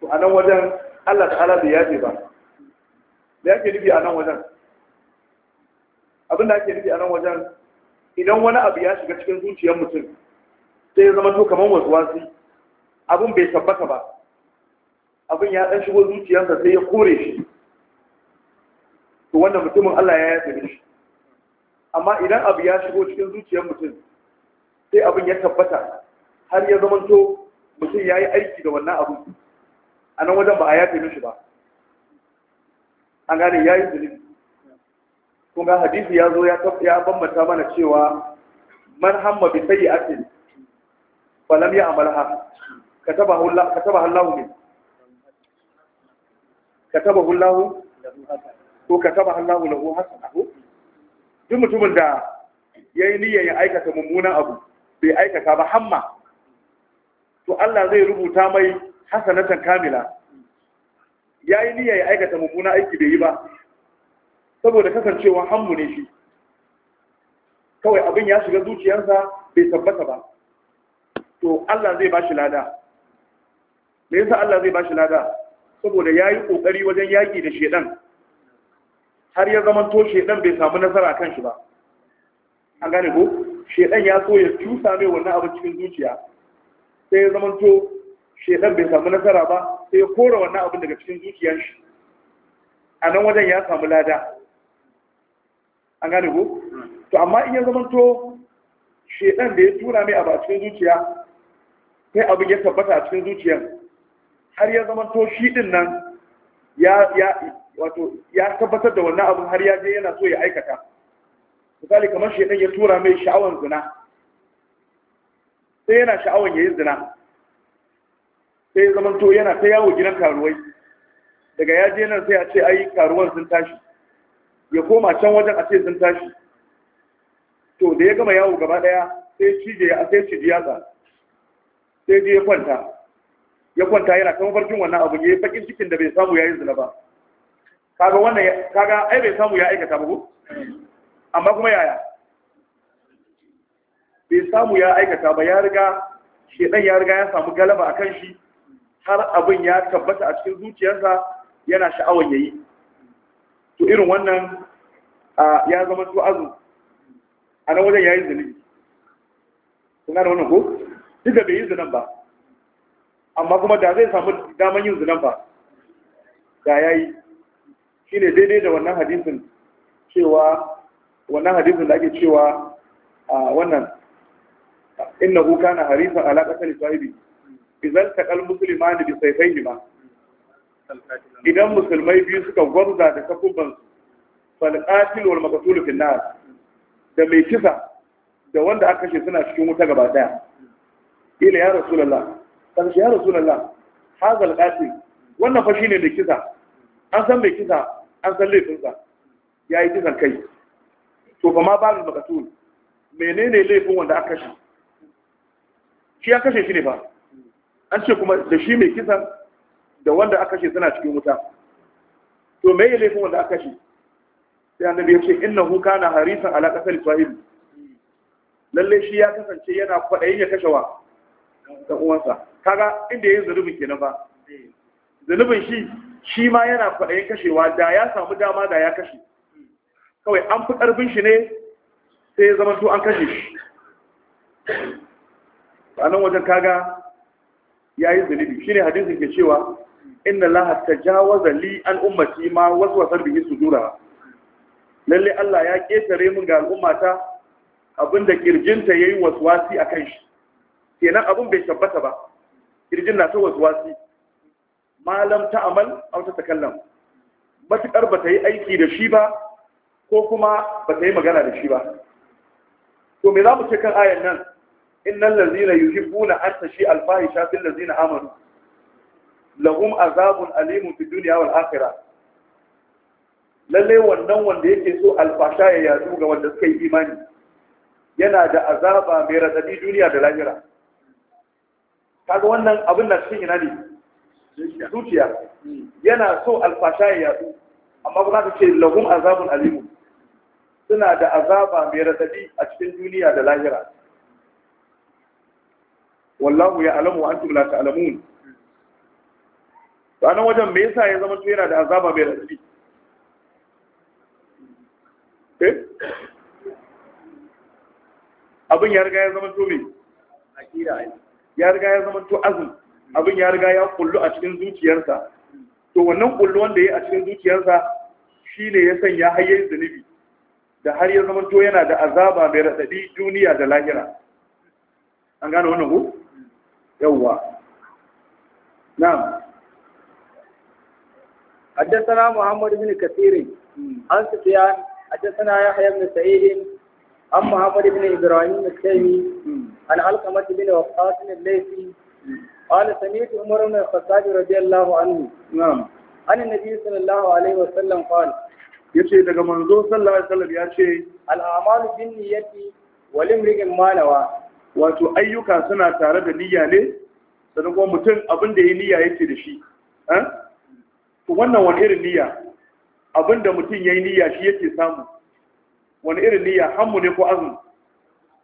to a nan wajen Allah ta'ala bai yafe ba da yake nufi a nan wajen abin da ake nufi a nan wajen idan wani abu ya shiga cikin zuciyar mutum sai ya zama to kamar wasuwasi abin bai tabbata ba abin ya dan shigo zuciyarsa sai ya kore shi to wannan mutumin Allah ya yafe shi amma idan abu ya shigo cikin zuciyar mutum sai abin ya tabbata har ya zama to mutum ya yi aiki da wannan abu a nan wajen ba a yafe mishi ba an gane ya yi zunubi kun ga hadisi ya zo ya bambanta mana cewa man hamma bi sayyi'atin falam ya ha? katabahu Allah katabahu Allah min katabahu Allah ko katabahu Allah lahu hasanahu duk mutumin da yayi niyyar ya aikata mummunan abu bai aikata ba hamma to Allah zai rubuta mai hasanatan kamila yayi niyyar ya aikata mummunan aiki bai yi ba saboda kasancewa hannu ne shi kawai abin ya shiga zuciyarsa bai tabbata ba to Allah zai ba shi lada me yasa Allah zai ba shi lada saboda yayi kokari wajen yaki da shedan har ya zama to shedan bai samu nasara kan shi ba an gane ko shedan ya so ya cusa mai wannan abin cikin zuciya sai ya zama to shedan bai samu nasara ba sai ya kora wannan abin daga cikin zuciyar shi a nan wajen ya samu lada an gane ko to amma in ya zama to shedan da ya tura mai abu a cikin zuciya sai abu ya tabbata a cikin zuciyar har ya zama to shi din nan ya ya wato ya tabbatar da wannan abu har ya je yana so ya aikata misali kamar shedan ya tura mai sha'awan zina sai yana sha'awan yayin zina sai ya zama to yana ta yawo gidan karuwai daga ya je nan sai a ce ai karuwan sun tashi ya koma can wajen a ce sun tashi to da ya gama yawo gaba daya sai cije ya sai cije yasa sai je ya kwanta ya kwanta yana kan farkin wannan abu ya fakin cikin da bai samu yayin zina ba kaga wannan kaga ai bai samu ya aikata ba ko amma kuma yaya bai samu ya aikata ba ya riga shedan ya riga ya samu galaba akan shi har abin ya tabbata a cikin zuciyarsa yana sha'awar yayi to irin wannan ya zama su azu a nan wajen ya yi zini suna da wannan ko duk da bai yi zinan ba amma kuma da zai samu daman yin zinan ba da ya yi shi ne daidai da wannan hadisin cewa wannan hadisin da ake cewa a wannan innahu kana harisan ala qatl sahibi idan taqal muslimani ne ba idan musulmai biyu suka gwamza da takubbansu falƙatil wal maqtul fi nar da mai kisa da wanda aka kashe suna cikin wuta gaba daya ila ya rasulullah kace ya rasulullah hadha al qatil wannan fa shine mai kisa an san mai kisa an san laifinsa yayi kisan kai to fa ma ba Makasul. menene laifin wanda aka kashe shi ya kashe shi ne fa. an ce kuma da shi mai kisan da wanda aka kashe suna cikin wuta to me ya laifin wanda aka kashe sai annabi ya ce innahu kana harisan ala qatl sahibi lalle shi ya kasance yana kwadayin ya kashe wa dan uwansa kaga inda yayin zunubin kenan ba zunubin shi shi ma yana kwadayin kashewa da ya samu dama da ya kashe kawai an fi karfin shi ne sai ya zama to an kashe shi a wajen kaga ya yi zunubi shi ne hadisin ke cewa inna Allah tajawaza li an ummati ma waswasa bihi sudura lalle Allah ya ketare min ga al'ummata abinda kirjinta yayi waswasi akan shi kenan abin bai tabbata ba kirjin na ta waswasi malam ta amal aw ta takallam matukar ba ta yi aiki da shi ba ko kuma ba ta yi magana da shi ba to me za mu ce kan ayan nan innal ladzina yuhibbuna an tashi al-fahisha fil ladzina amanu lahum azabun alimun fi duniya wal akhirah lalle wannan wanda yake so alfasha ya yadu ga wanda suka yi imani yana da azaba mai radadi duniya da lahira kaga wannan abin na shin ina ne zuciya yana so alfasha ya yadu amma ba za ka ce lahum azabun alimun suna da azaba mai radadi a cikin duniya da lahira wallahu ya alamu wa antum la ta'lamun to wajen me yasa ya zama to yana da azaba mai radadi eh abin ya riga ya zama to mai ya riga ya zama to azumi abin ya riga ya kullu a cikin zuciyarsa to wannan kullu wanda ya yi a cikin zuciyarsa shi ne ya sanya hayyar zunubi da har ya zama to yana da azaba mai radadi duniya da lahira an gane wannan ku yawwa na'am حدثنا محمد بن كثير عن سفيان حدثنا يحيى بن سعيد عن محمد بن إبراهيم التيمي عن علقمة بن وقاص الليثي قال سمعت عمر بن الخطاب رضي الله عنه نعم عن النبي صلى الله عليه وسلم قال yace daga manzo sallallahu alaihi ya ce al'amalu bin niyyati wa limri'in manawa wato ayyuka suna tare da niyya ne sannan ko mutum abin da ya niyya yake da shi eh to wannan wani irin niyya abinda mutum ya yi niyya shi yake samu wani irin niyya hannu ne ko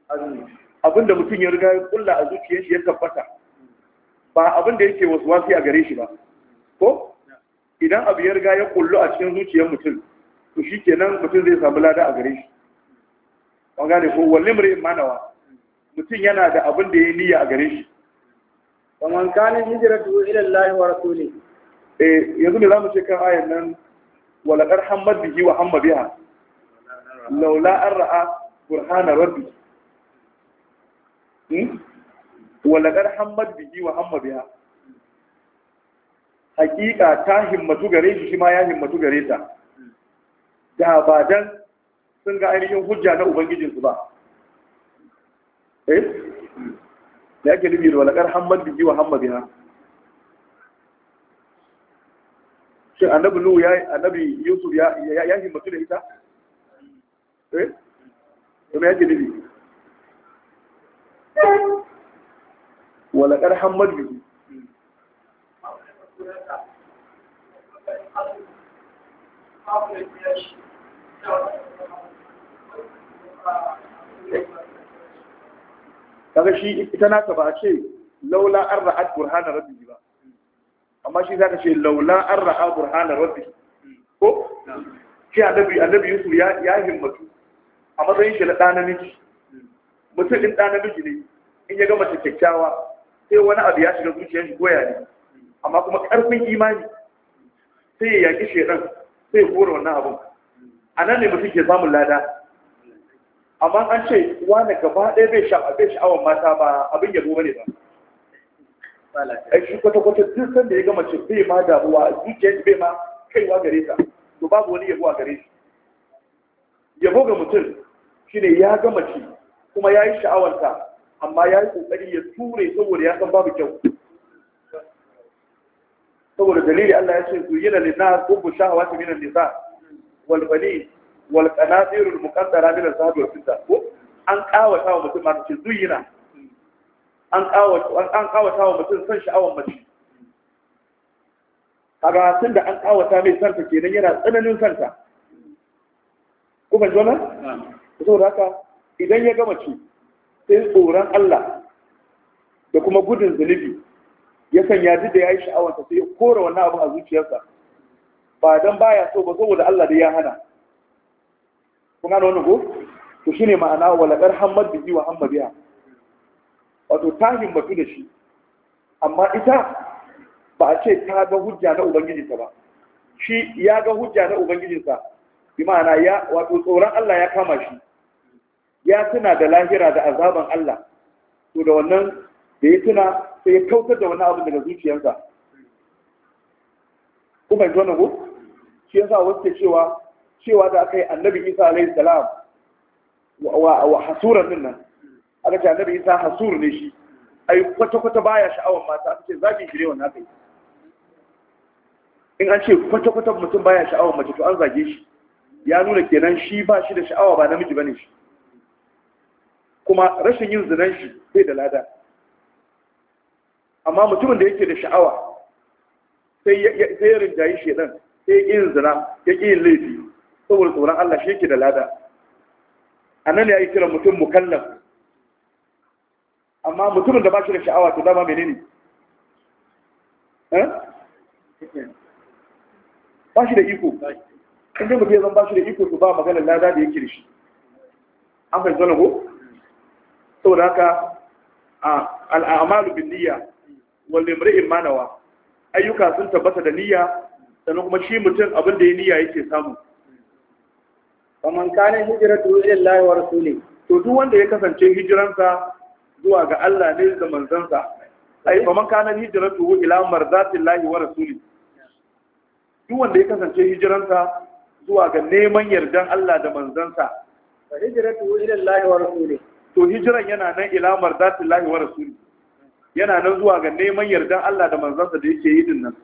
azumi abinda mutum ya riga ya kulla a zuciyar shi ya tabbata ba abinda yake wasu wasi a gare shi ba ko idan abu ya riga ya kullu a cikin zuciyar mutum to shi kenan mutum zai samu lada a gare shi an gane ko wani mure manawa mutum yana da abinda ya yi niyya a gare shi wa man kana hijratu ila Allah Eh, yanzu yanzu za mu ce kan ayan nan walaƙar Hamad bihi wa hamma biha laula an ra'a burhana rabbi hmm? walaqad hamad bihi wa hamma biha hakika ta himmatu gare shi shi ma ya himmatu gare ta da ba dan sun ga ainihin hujja na ubangijinsu ba eh da yake nufi da walaqad hamad bihi wa hamma biha shin annabi lu ya annabi yusuf ya ya himmatu da ita eh kuma yake dabi wala kar hammad bi kaga shi ita naka ba a ce laula an ra'at burhana rabbi ba amma shi za ka ce laula an ra'a burhana rabbi ko shi annabi annabi Yusuf ya ya himmatu a matsayin shi na ɗana namiji mutum ɗin ɗana namiji ne in ya gama kyakkyawa sai wani abu ya shiga zuciyar shi goya ne amma kuma ƙarfin imani sai ya yaƙi shaidan sai ya kore wannan abin. a nan ne mutum ke samun lada amma an ce wani gaba ɗaya bai sha'awar mata ba abin yabo ne ba ai shi kwata kwata duk sanda ya gama ce bai ma damuwa zuciyar bai ma kaiwa gare ta to babu wani yabo a gare shi yabo ga mutum shine ya gama mace kuma ya yi sha'awarta amma ya yi kokari ya ture saboda ya san babu kyau saboda dalili Allah ya ce zuyina linnas hubbu shahawati minan nisa wal bani wal qanatir al muqaddara min al zahabi wal ko an kawata wa mutum ma ce zuyina an kawata wa mutum son sha'awar mace A tun da an kawata mai santa kenan yana tsananin santa kuma jona saboda haka idan ya gama mace sai tsoron Allah da kuma gudun zunubi ya sanya duk da ya yi sha'awarsa sai ya kora wannan abin a zuciyarsa ba don baya so ba saboda Allah da ya hana kun gano wannan ko to ne ma'ana walaqar hammad bihi wa hamma biha wato ta himmatu da shi amma ita ba a ce ta ga hujja na ubangijinsa ba shi ya ga hujja na ubangijinsa bi ma'ana ya wato tsoron Allah ya kama shi ya tuna da lahira da azaban Allah to da wannan da ya tuna sai ya kautar da wannan abu daga zuciyarsa kuma ji wannan ko shi yasa wasu cewa cewa da aka yi annabi Isa alaihi salam wa hasuran nan aka ce annabi isa hasur ne shi ai kwata-kwata baya sha'awar mata aka ce zagin shi ne wannan kai in an ce kwata-kwata mutum baya sha'awar mace to an zage shi ya nuna kenan shi ba shi da sha'awa ba namiji bane shi kuma rashin yin zinan shi sai da lada amma mutumin da yake da sha'awa sai ya rinjayi shedan sai ya yin zina ya yin laifi saboda tsoron Allah shi yake da lada Anan ya yi kiran mutum mukallaf amma mutumin da ba shi da sha'awa to dama ne? Eh? ba shi da iko in dai mutum ya zan ba shi da iko to ba maganar lada da yake da shi an fahimci zana ko da haka al'amalu bin niyya wal imri'in manawa ayyuka sun tabbata da niyya sannan kuma shi mutum abin da ya niyya yake samu faman hijira hijratu ila Allah su ne to duk wanda ya kasance hijiransa zuwa ga Allah ne da manzansa ai fa man kana hijratu ila marzatillahi wa rasuli duk wanda ya kasance hijranta zuwa ga neman yardan Allah da manzansa fa ila Allah wa rasuli to hijiran yana nan ila marzatillahi wa rasuli yana nan zuwa ga neman yardan Allah da manzansa da yake yi din nan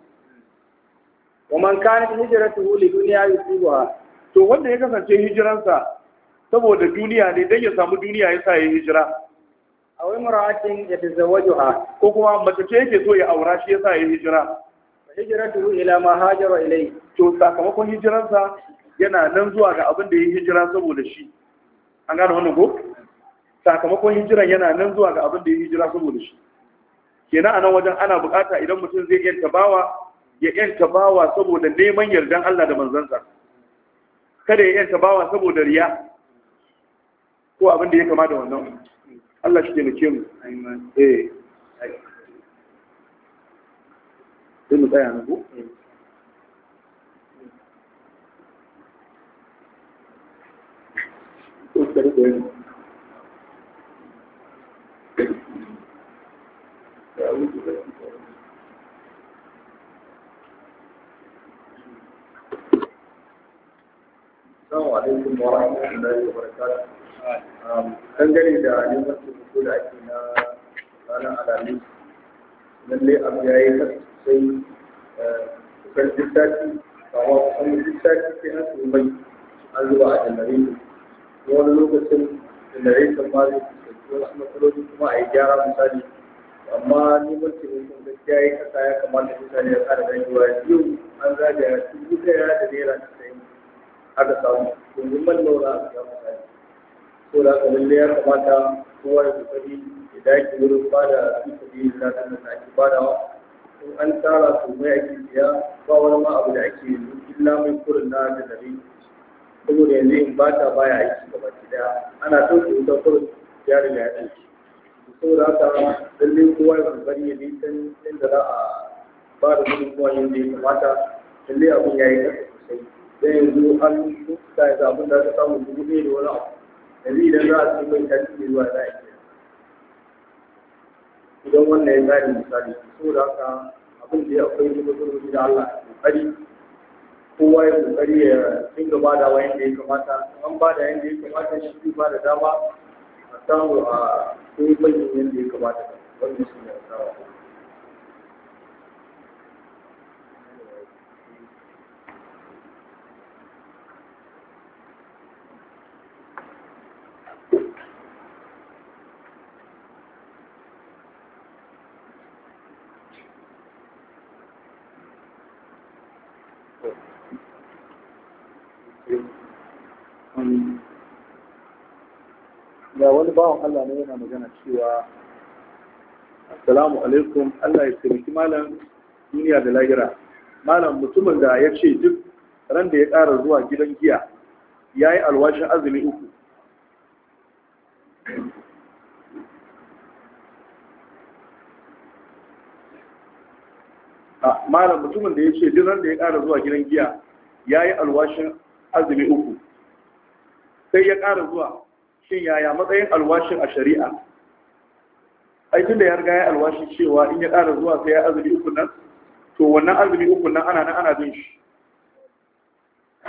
wa man kana hijratu li dunya yusibuha to wanda ya kasance hijiransa saboda duniya ne dan ya samu duniya yasa ya hijira a wai mura'atin ya tazawwaju ha ko kuma mace ce yake so ya aura shi yasa ya hijira hijiratu ila ma hajara ilai to sakamakon hijiransa yana nan zuwa ga abin da ya hijira saboda shi an gane wannan ko sakamakon hijiran yana nan zuwa ga abin da ya hijira saboda shi kenan anan wajen ana bukata idan mutum zai yanta bawa ya yanta bawa saboda neman yardan Allah da manzansa kada ya yanta bawa saboda riya ko abin da ya kama da wannan Allah shi taimake mu eh sai mu tsaya na ku dangane da neman taimako da ake na ranar alamis lallai abu ya yi sosai eh, kusan littafi ba wa kusan littafi sai an su mai an zuba a janareto wani lokacin janareton ma zai fuskanci wasu matsaloli kuma a yi gyara misali amma neman taimakon gaskiya ya kasa ya kamata mutane ya kara ganewa yau an zagaya dubu ɗaya da naira casa'in aka samu yanzu man laura a biya mutane ko da aka lalle ya kamata kowa ya kokari ya dage wurin ba da fitabi da ta da ake badawa in an tara su mai ake biya ba wani ma abu da ake yanzu illa mai kurin na da nabi saboda yanzu in ba ta baya aiki gaba ki daya ana ɗauke wutar kurin ya riga ya ɗauke saboda haka lalle kowa ya kokari ya nisan yadda za a ba da gudunmuwa yadda ya kamata lalle abin ya yi ƙasa sosai dan yanzu an kusa yanzu abin da ta samu dubu ɗaya da wani abu yanzu idan za a ce mai tafi ne zuwa za a iya idan wannan ya tsari misali saboda haka abin da ya akwai zuba da Allah ya kokari kowa ya kokari ya dinga bada wa yanda ya kamata an ba da yanda ya kamata shi zai bada dama a samu a koyi bayyana yanda ya kamata wannan shi ne a ga wani bawan Allah ne yana magana cewa assalamu alaikum Allah ya taimaki malam duniya da lahira malam mutumin da ya ce duk ran da ya ƙara zuwa gidan giya ya yi alwashin azumi uku malam mutumin da ya ce duk ran da ya ƙara zuwa gidan giya ya yi alwashin azumi uku sai ya ƙara zuwa shin yaya matsayin alwashin a shari'a aikin da ya riga ya alwashi cewa in ya ƙara zuwa sai ya azumi uku nan to wannan azumi uku nan ana nan ana bin shi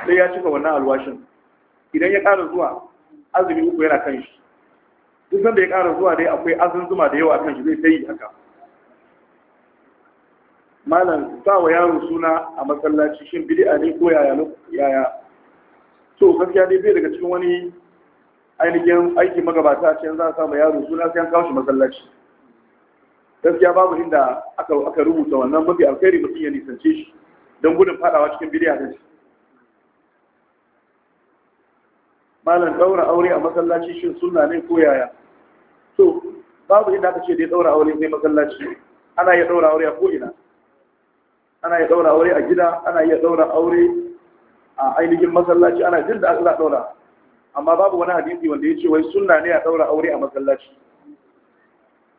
sai ya cika wannan alwashin idan ya ƙara zuwa azumi uku yana kan shi duk sanda ya ƙara zuwa dai akwai azun zuma da yawa kan shi zai sai haka malam sa wa yaro suna a masallaci shin bid'a ne ko yaya yaya to gaskiya dai bai daga cikin wani ainihin aikin magabata a cikin za a samu yaro suna sai an kawo shi masallaci gaskiya babu inda aka aka rubuta wannan mafi alkhairi mutum ya nisance shi don gudun fadawa cikin bidiya da shi malam daura aure a masallaci shin sunna ne ko yaya So, babu inda aka ce dai daura aure sai masallaci ana iya daura aure a ko ina ana iya daura aure a gida ana iya daura aure a ainihin masallaci ana jin da aka daura amma babu wani hadisi wanda ya ce wai sunna ne a daura aure a masallaci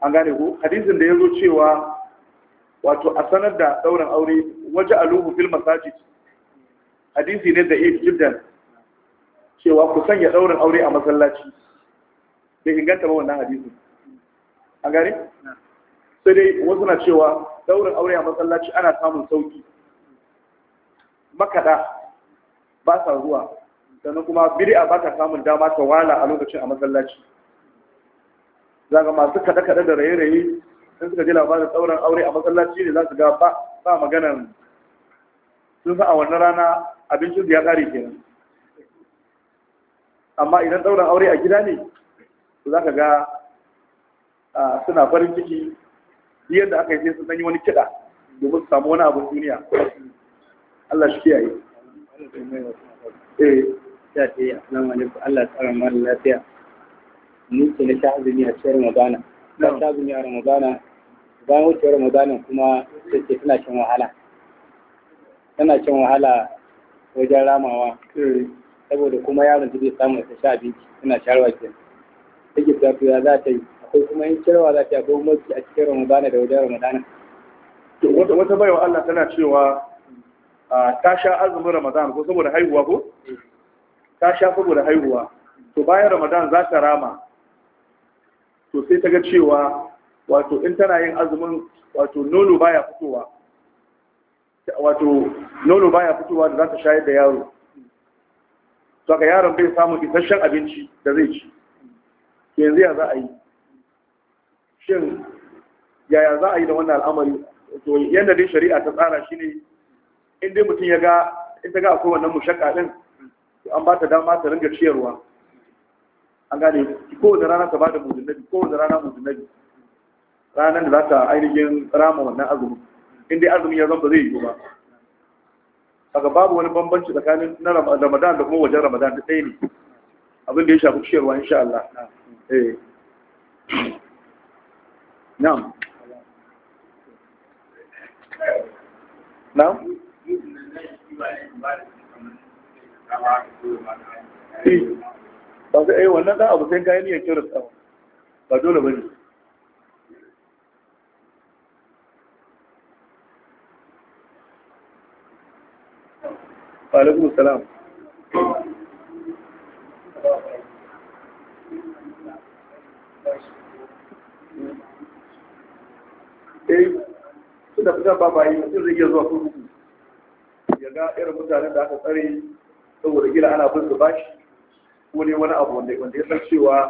an gane ko hadisin da ya zo cewa wato a sanar da dauran aure waje aluhu fil masajid hadisi ne da if jiddan cewa ku sanya dauran aure a masallaci bai inganta ba wannan hadisi an gane sai dai wasu na cewa dauran aure a masallaci ana samun sauki makada ba sa zuwa sannan kuma bid'a ba ta samun dama ta wala a lokacin a masallaci ga masu kaɗe-kaɗe da raye-raye sun suka ji labarin tsauran aure a masallaci ne za su ga ba maganan sun sa a wannan rana abincin da ya ke nan. amma idan ɗaurin aure a gida ne za ka ga suna farin ciki yadda aka yi sai sun yi wani kiɗa domin su samu wani abin duniya Allah shi kiyaye eh ta ce assalamu alaikum Allah tsara mara lafiya ni ce na sha azumi a cikin ramadana na sha azumi a ramadana bayan wucewar ramadana kuma ta ce tana shan wahala tana shan wahala wajen ramawa saboda kuma yaron ta bai samu ta sha abinci tana sharwa ke za ta yi akwai kuma yin shirwa za ta yi akwai kuma a cikin ramadana da wajen ramadana wata wata Allah tana cewa ah, ta sha azumin ramadana ko saboda haihuwa ko ta sha saboda haihuwa to bayan ramadan za ta rama to sai ta ga cewa wato in tana yin azumin wato nono baya fitowa wato nono baya fitowa da za ta shayar da yaro to ga yaron bai samun isasshen abinci da zai ci yanzu ya za a yi shin yaya za a yi da wannan al'amari to yadda dai shari'a ta tsara shi ne in dai mutum ya ga in ta ga akwai wannan mushakka din an ba ta dama ta ringa ciyarwa an gane kowane rana ta ba da mudunnabi kowane rana mudunnabi ranar da za ta ainihin rama wannan azumin inda azumin ya zamba zai yi ba daga babu wani bambanci tsakanin na ramadan da kuma wajen ramadan da ɗaya ne abin da ya shafi ciyarwa insha Allah eh. na'am na'am ba su ai eh, wannan dan abu sai kayan ba dole bane wa salam eh fitar zai zuwa kuma ya ga irin mutanen da aka tsare saboda gida ana bin su bashi ko ne wani abu wanda ya san cewa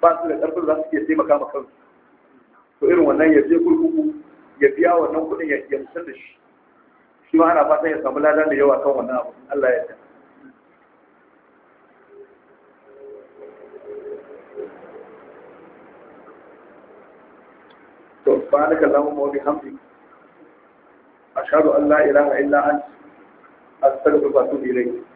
ba su da ƙarfin za su iya taimaka ma kansu to irin wannan ya je kurkuku ya biya wannan kuɗin ya musar da shi shi ma ana fatan ya samu ladan da yawa kan wannan abu Allah ya yarda سبحانك اللهم وبحمدك أشهد an لا إله إلا أنت أستغفرك وأتوب إليك